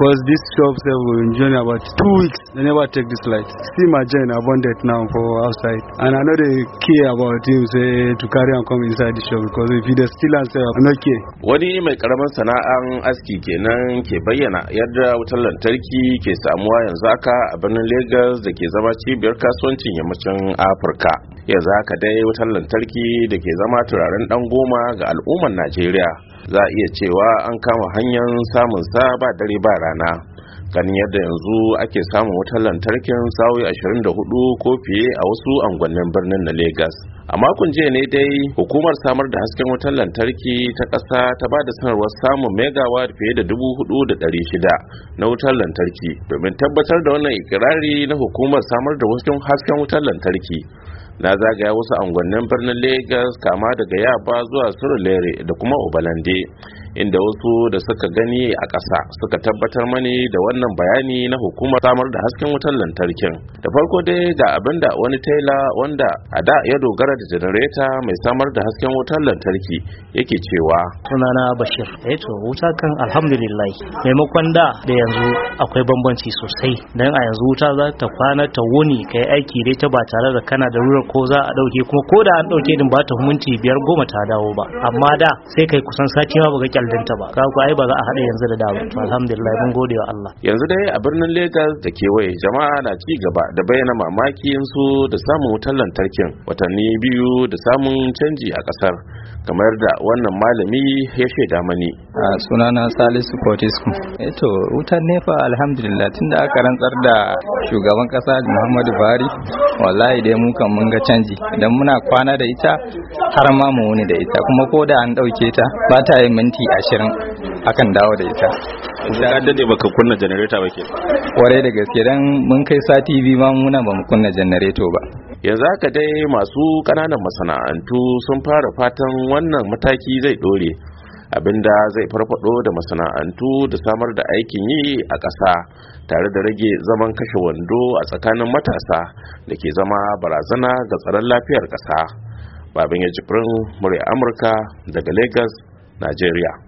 because this shop have will enjoy about two weeks. They never take this light. See my Jane abundant now for outside. And I know they care about him say to carry and come inside the shop because if he dey and sell, no care. Wani mai karaman sana'an aski kenan ke bayyana yadda wutar lantarki ke samuwa yanzu aka a birnin Lagos da ke zama cibiyar kasuwancin yammacin Afirka. Yanzu haka dai wutar lantarki da ke zama turaren dan goma ga al'ummar Najeriya. za a iya cewa an kama hanyar samun sa ba dare ba rana ganin yadda yanzu ake samun wutar lantarkin sa'o'i 24 ko fiye a wasu angonin birnin na Legas. A makon jiya ne dai hukumar samar da hasken wutar lantarki ta ƙasa ta ba da sanarwar samun megawa fiye da 4,600 na wutar lantarki domin tabbatar da wannan ikirari na hukumar samar da hasken wutar lantarki. na zagaya wasu angonnin birnin lagos kama daga yaba zuwa surulere da kuma obalande inda wasu da suka gani a ƙasa suka tabbatar mani da wannan bayani na hukumar samar da hasken wutar lantarkin da farko dai ga abin da wani taila wanda a da ya dogara da janareta mai samar da hasken wutar lantarki yake cewa sunana bashir eh to wuta kan alhamdulillah maimakon da da yanzu akwai bambanci sosai dan a yanzu wuta za ta kwana ta wuni kai aiki dai ta ba tare da kana da rurar ko za a dauke kuma ko da an dauke din ba ta huminti biyar goma ta dawo ba amma da sai kai kusan sati ma baka kallinta ba ka ai ba za a haɗa yanzu da da alhamdulillah mun gode wa Allah yanzu dai a birnin Lagos da kewaye jama'a na ci gaba da bayyana mamakin su da samun wutar lantarkin watanni biyu da samun canji a kasar kamar da wannan malami ya da mani a sunana Salisu Fortescue eto eh wutar nefa alhamdulillah tunda aka rantsar da shugaban kasa Muhammadu Buhari wallahi dai mu kan mun ga canji idan muna kwana da ita har ma mu wuni da ita kuma ko da an ɗauke ta ba ta yi minti ashirin akan dawo da ita ka dade baka kunna janareta ba ke ware da gaske dan mun kai sati biyu ma muna ba mu kunna janareto ba yanzu haka dai masu kananan masana'antu sun fara fatan wannan mataki zai dore abinda zai farfado da masana'antu da samar da aikin yi a ƙasa tare da rage zaman kashe wando a tsakanin matasa da ke zama barazana ga tsaron lafiyar ƙasa. babin ya jibrin murya amurka daga lagos nigeria